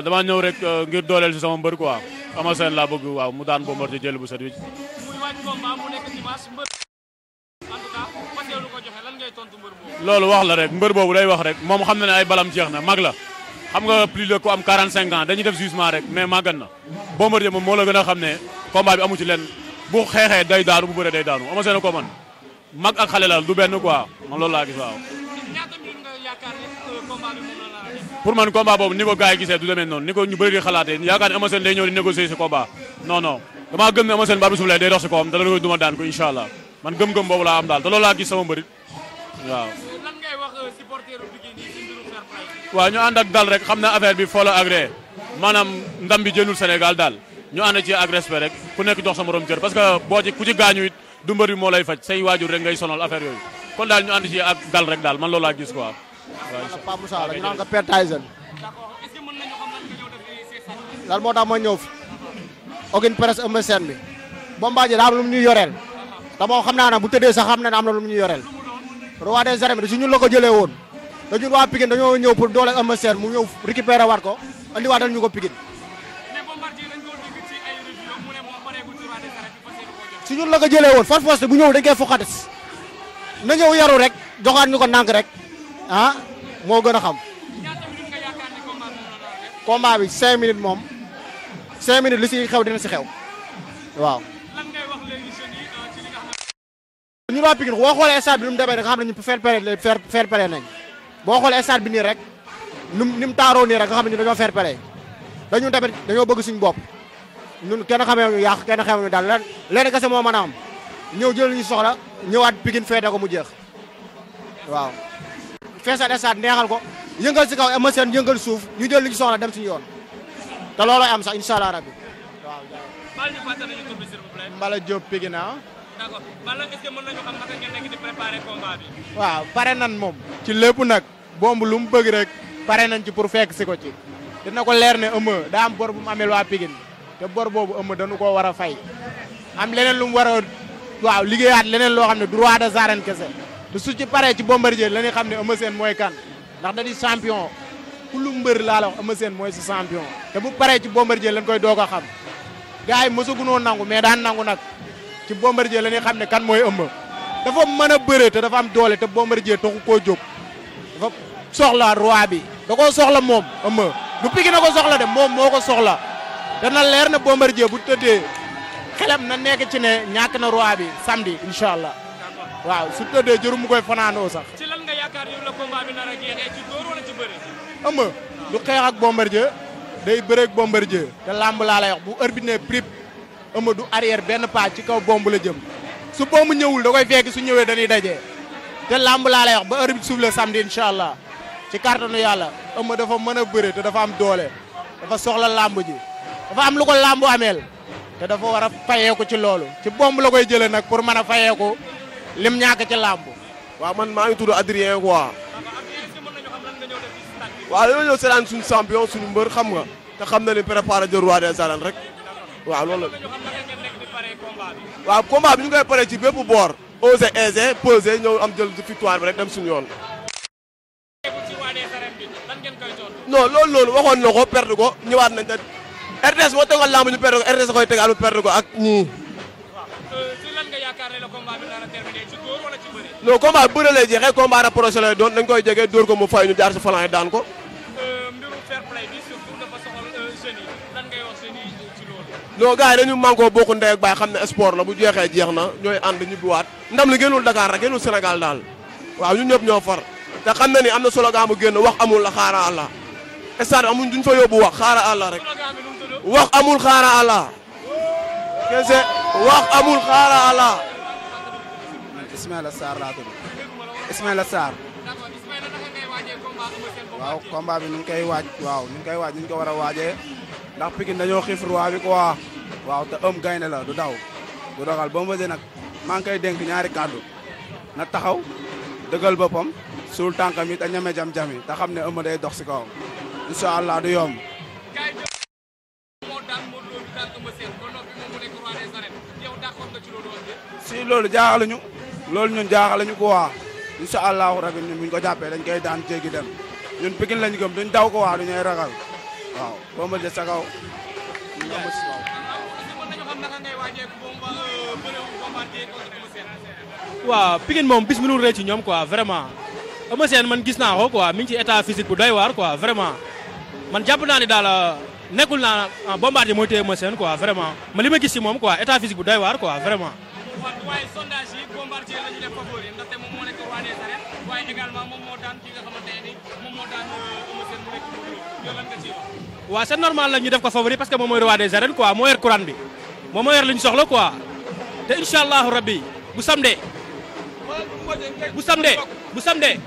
waaw damaa ñëw rek euh, ngir dooleel si sama mbër quoi Eumeu Sène laa bëgg waaw mu daan Bombardier jël bu set wi. loolu wax la rek mbër boobu day wax rek moom xam na ay balam jeex na mag la xam nga plus de ko am 45 ans dañuy def jugement rek mais màggat na Bombardier moom moo la gën a xam ne combat bi amu ci leen bu xeexee day daanu bu bëree day daanu Eumeu Sène ko man mag ak xale la du benn quoi man loolu laa gis waaw. pour man combat boobu ni ko gars yi gisee du demee noonu ni ko ñu bëri di xalaatee yaakaar ne Eumeu Sène day ñëw di négocier si combat non non gëm ne Eumeu Sène bi suuf lay day si kawam te dana koy duma daan ko incha allah man gëm-gëm boobu laa am daal te loolu gis sama mbërit euh, waaw ñu ànd ak rek xam na affaire bi foo la agré maanaam ndam bi jënul Sénégal daal ñu ànd ci ak respect rek ku nekk jox sa morom cër parce que boo ci ku ci gaañu du mbër lay faj say waajur rek ngay sonal affaire yooyu kon daal ñu ànd ci ak dal daal man loolu gis quoi man la Pape la ñu naan ko Père Tyson. moo tax ma ñëw fi. ogin presse ëmb seen bi. Bombardier daa am lu mu ñuy yoreel. te moom xam naa nag bu tëddee sax xam na ne am na lu mu ñuy yoreel. roi des arènes bi si ñun la ko jëlee woon. te ñun waa Pikine dañoo ñëw pour doole ëmb mu ñëw récupéré waat ko andiwaatal ñu ko Pikine. si ñun la ko jëlee woon farfosse bu ñëw dañ koy foqatis na ñëw yaru rek joxaat ñu ko ndànk rek ah. moo gën a xam. combat bi cinq minutes moom cinq minutes li si xew dina si xew waaw. lan ngay wax léegi euh, ci li nga xam waa Pikine boo xoolee bi demee xam ne ñu fair play la fair nañ boo xoolee stade bi nii rek nu mu ni taaroo nii rek nga xam ne ñu dañoo fair play dañu tamit dañoo bëgg suñu bopp ñun kenn xamee ñu yàq kenn xamee ñu daal lenn lenn kese moo mën a am ñëw jël ñu soxla ñëwaat Pikine feete ko mu jeex waaw. feesal stade neexal ko yëngal si kaw Eumeu yëngal suuf ñu jël li ñu soxla dem suñu yoon te loolooy am sax incha allah rabbi waaw. Bal ñu fàttali ah. waaw pare nan moom. ci lépp nag bomb lu mu bëgg rek pare nañ ci pour fekk si ko ci. dina ko leer ne Eumeu daa am bor bu mu amee waa Pikine te bor boobu Eumeu danu koo war a fay am leneen lu mu war a waaw liggéeyaat leneen loo xam ne droit des arènes kese. te su ci paree ci Bombardier la ñuy xam ne Eumeu Sène mooy kan ndax da di champion ku lu mbër laa la wax Eumeu Sène mooy sa champion te bu paree ci Bombardier lañ koy doog a xam gars yi nangu mais daan nangu nag ci Bombardier la ñuy xam ne kan mooy Eumeu dafa mën a bëre te dafa am doole te Bombardier taxu koo jóg dafa soxla roi bi da koo soxla moom Eumeu du piki na ko soxla de moom moo ko soxla dana leer na Bombardier bu tëddee xelam na nekk ci ne ñàkk na roi bi samedi incha allah waaw su tëddee jëru mu koy fanaanoo sax. ci lan nga yaakaar yow la combat bi nar a jeexee ci dóor wala ci bëri. xam du xeex ak day bëreeg bombardier te làmb laa bu heure bi ne prip ëmb du arrière benn pas ci kaw bomb la jëm su bomb ñëwul da koy fekk su ñëwee dañuy daje te làmb laa lay ba heure bi suuf la samedi allah ci kàttanu yàlla ëmb dafa mën a bëre te dafa am doole dafa soxla làmb ji am lu ko làmb ameel te dafa war a fayeeku ci loolu ci bomb la koy jëlee nag pour mën a fayeeku lim ñàkk ci làmb. waaw man maa ngi tudd Adrien quoi. waaw dañoo ñëw seetaan suñu champion suñu mbër xam nga te xam na ni préparé de roi des arènes rek waaw loolu la. waaw combat bi ñu koy paree ci bépp boor. osé aisé pesé ñëw am jël victoire bi rek dem suñu yoon. non loolu noonu waxoon na ko perdre ko ñëwaat nañ te RTS moo tegoon làmb ñu perdre ko RTS koy tegaat mu perdre ko ak ñii. combat bi daan a terminé jeexee combat rapproché lay doon dañ koy jege dóor ko mu fay ñu jaar si falan yi daan ko. Euh, mbirum fair play bi euh, mànkoo bokku ndey ak xam ne sport la bu jeexee jeex na ñooy ànd ñibbiwaat ndam li génnul Dakar rek génnul Sénégal daal waaw ñun ñëpp ñoo far te xam na ni am na slogan bu génn wax amul la xaara àlla stade amuñ duñ fa yóbbu wax xaara àlla rek wax amul xaara àlla kese wax amul xaara àlla Ismaïla Sarr laa tudd Ismaïla Sarr. waaw combat bi ñu ngi koy waaj waaw ñu ngi koy waaj ñu ngi ko war a waajee ndax Pikine dañoo xiif roi bi waaw te ëm gaynde la du daw du doxal Bombardier nag maa ngi koy dénk ñaari kàddu na taxaw dëggal boppam suul tànkam yi te ñeme jam-jam xam ne ëmm day dox si kawam incha allah du yomb. si loolu jaaxaluñu loolu ñun jaaxal ñu ko waa incha allahu rabi ñun buñ ko jàppee dañ koy daan jéggi dem ñun Pikine lañ gëm duñ daw ko waa duñuy ragal waaw Bombardier sa kaw. waaw Pikine moom bis mënul rëy ci ñoom quoi vraiment Eumeu Sène man gis naa ko quoi mi ngi ci état physique bu doy waar quoi vraiment man jàpp naa ne daal nekkul naa ah, Bombardier mooy téye Eumeu Sène quoi vraiment ma li ma gis ci moom quoi état physique bu doy waar quoi vraiment. waaye sondage yi bombardier la ñu def favori moom moo nekk roi des arènes waaye également moom moo daan ki nga xamante moom moo daan euh, Eumeu Sène mu nekk yow lan nga ciy wax. waaw c'est normal ko favori parce que moom mooy roi des arènes quoi moo yor couronne bi moom moo yor li ñu soxla quoi te incha allahu rabbi bu samedi bu samedi bu samedi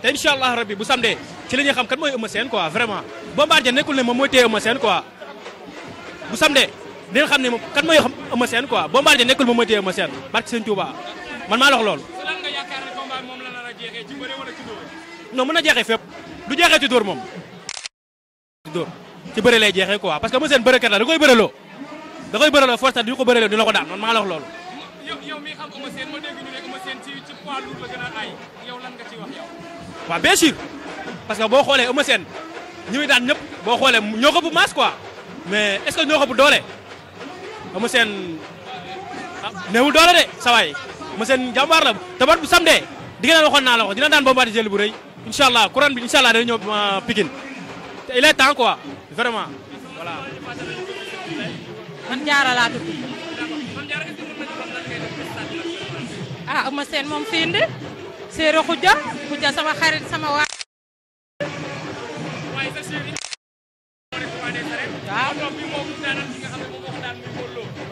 te incha rabbi bu samedi ci la ñuy xam kan mooy Eumeu Sène quoi vraiment bombardier nekkul ne moom mooy téye dinañ xam ne moom kan mooy xam Eumeu Sène quoi Bombardier nekkul moom mooy téye Eumeu Sène barke Sëñ Tuuba man maa lox loolu. lan nga a jeexee ci fépp du jeexee ci dóor moom. ci dóor ci bëre lay jeexee quoi parce que Eumeu Sène bërekat la da koy bëreloo da koy bëreloo force di ko bëreloo di la ko daan man maa lox loolu. yow yow xam Eumeu ma dégg ñu ne Eumeu ci ci la gën a ay yow lan nga ciy wax yow. waaw bien sûr parce que boo xoolee Eumeu Sène ñi muy daan ñëpp boo xoolee ñoo ko bu masse quoi mais est-ce ko bu doole Eumeu Sène néewul doole de sa waay Eumeu Sène jàmbaar la te bat bu samedi di nga naan waxoon naa la ko dina daan bombardi jël bu rëy incha allah couronne bi incha allah day ñëw euh, Pikine te il est temps quoi vraiment voilà. man jaara laa tudd. ah Eumeu Sène moom fi indi Seydou Khoudia Khoudia sama xarit sama waa. waaw.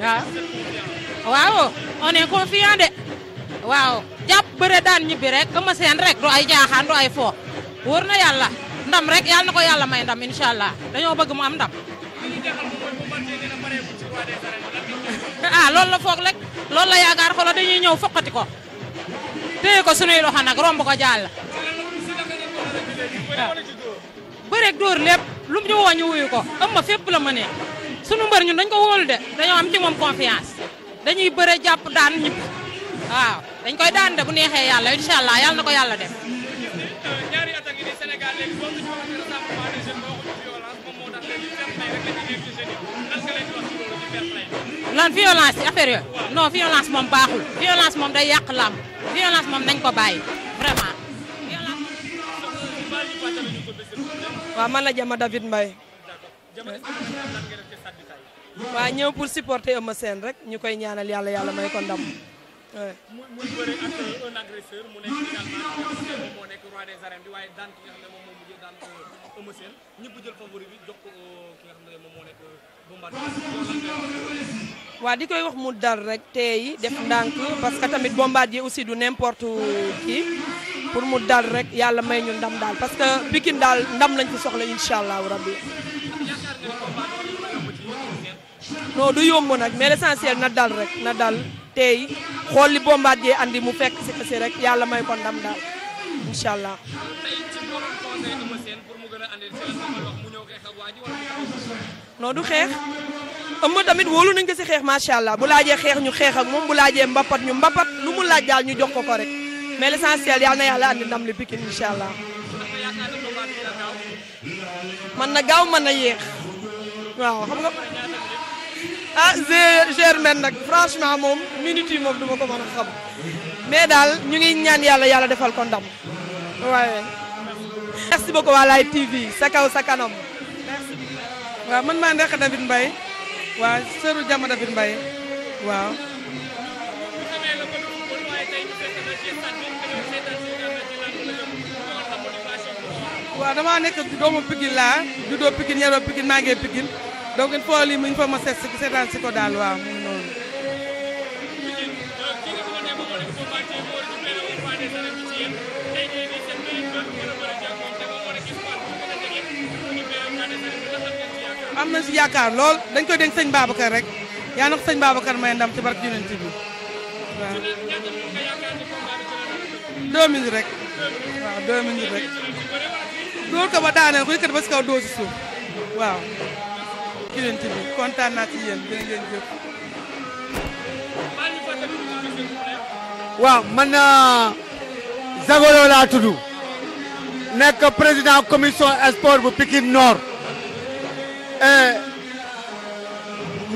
waaw ah. waaw on est confiant de waaw jàpp bëre daan ñibbi rek Eumeu Sène rek du ay jaaxaan du ay fo wóor na yàlla ndam rek yàlla na ko yàlla may ndam incha allah dañoo bëgg mu am ndam. ah loolu la foog rek loolu la yaakaar xolo dañuy ñëw foqati ko téye ko sunuy loxo romb ko jàll. Ah. bëreeg dóor lépp lu ñu woo ñu wuyu ko ëmb fépp la mënee. sunu mbër ñun dañ ko wóolu de dañoo am ci moom confiance dañuy bëre jàpp daan ñëpp waaw dañ koy daan de bu neexee yàlla incha yàlla na ko yàlla def. lan violence ci affaire yooyu non moom baaxul violence moom day yàq làmb violence moom nañ ko bàyyi vraiment. waaw man la David Mbaye waaw ñëw pour supporter Eumeu Sène rek ñu koy ñaanal yàlla yàlla may ko ndam. mu nekk également waaye daan ki nga xam ne moom moo jël ko euh, ki nekk euh, Bombardier. di koy wax mu dal rek tey def ndànk parce que tamit Bombardier aussi du n'importe qui pour mu dal rek yàlla may ñu ndam daal parce que Pikine daal ndam lañ ci soxla incha allahu rabbi. non du yomb nag mais l'essentiel na dal rek na dal tey xool li Bombardier andi mu fekk si kasi rek yàlla may ko ndam daal incha allah. non du xeex ëmb tamit woolu nañ ko si xeex macha allah bu laajee xeex ñu xeex ak moom bu laajee mbapat ñu mbapat lu mu laaj daal ñu jox ko ko rek mais l'essentiel yàlla na yàlla andi ndam li Pikine incha allah. man na gaaw man na yéex waaw xam nga. ah Germaine nag franchement moom minute yi moom duma ko mën a xam mais daal ñu ngi ñaan yàlla yàlla defal ko ndam waaye. merci beaucoup waa Live TV sa kaw sa kanam. merci man maa nekk David Mbaye waaw sëru jàmm David Mbaye waaw. damaa nekk doomu Pikine laa juddoo Pikine yaroo Pikine maa ngi Pikine donc il faut lii mu il faut ma seet si ko daal waaw mu noonu. am na si yaakaar lool dañ ko dénk sëñ Babacar rek yaa na ko sëñ Babacar may ndam ci barke Yonent bi waaw. rek waaw deux minutes rek. dóor ba daaneel ko yëkkati ba si kaw doo si waaw. Kilène TV bi kontaan naa ci euh, laa tudd nekk président commission sport bu Pikine Nord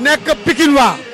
nekk Pikine waa